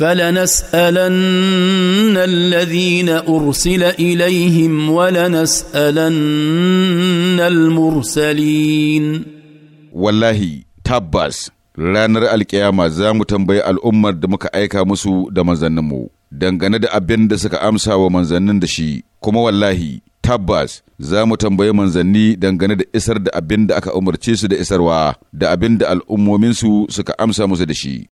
فلنسالن الذين ارسل اليهم ولنسالن المرسلين wallahi tabbas ranar alkiyama za mu tambayi al'ummar da muka aika musu da manzanninmu dangane da abin da suka amsa wa manzannin da shi kuma wallahi tabbas za mu tambayi manzanni dangane da isar da abin da aka umarce su da isarwa da abin da al'ummominsu suka amsa musu da shi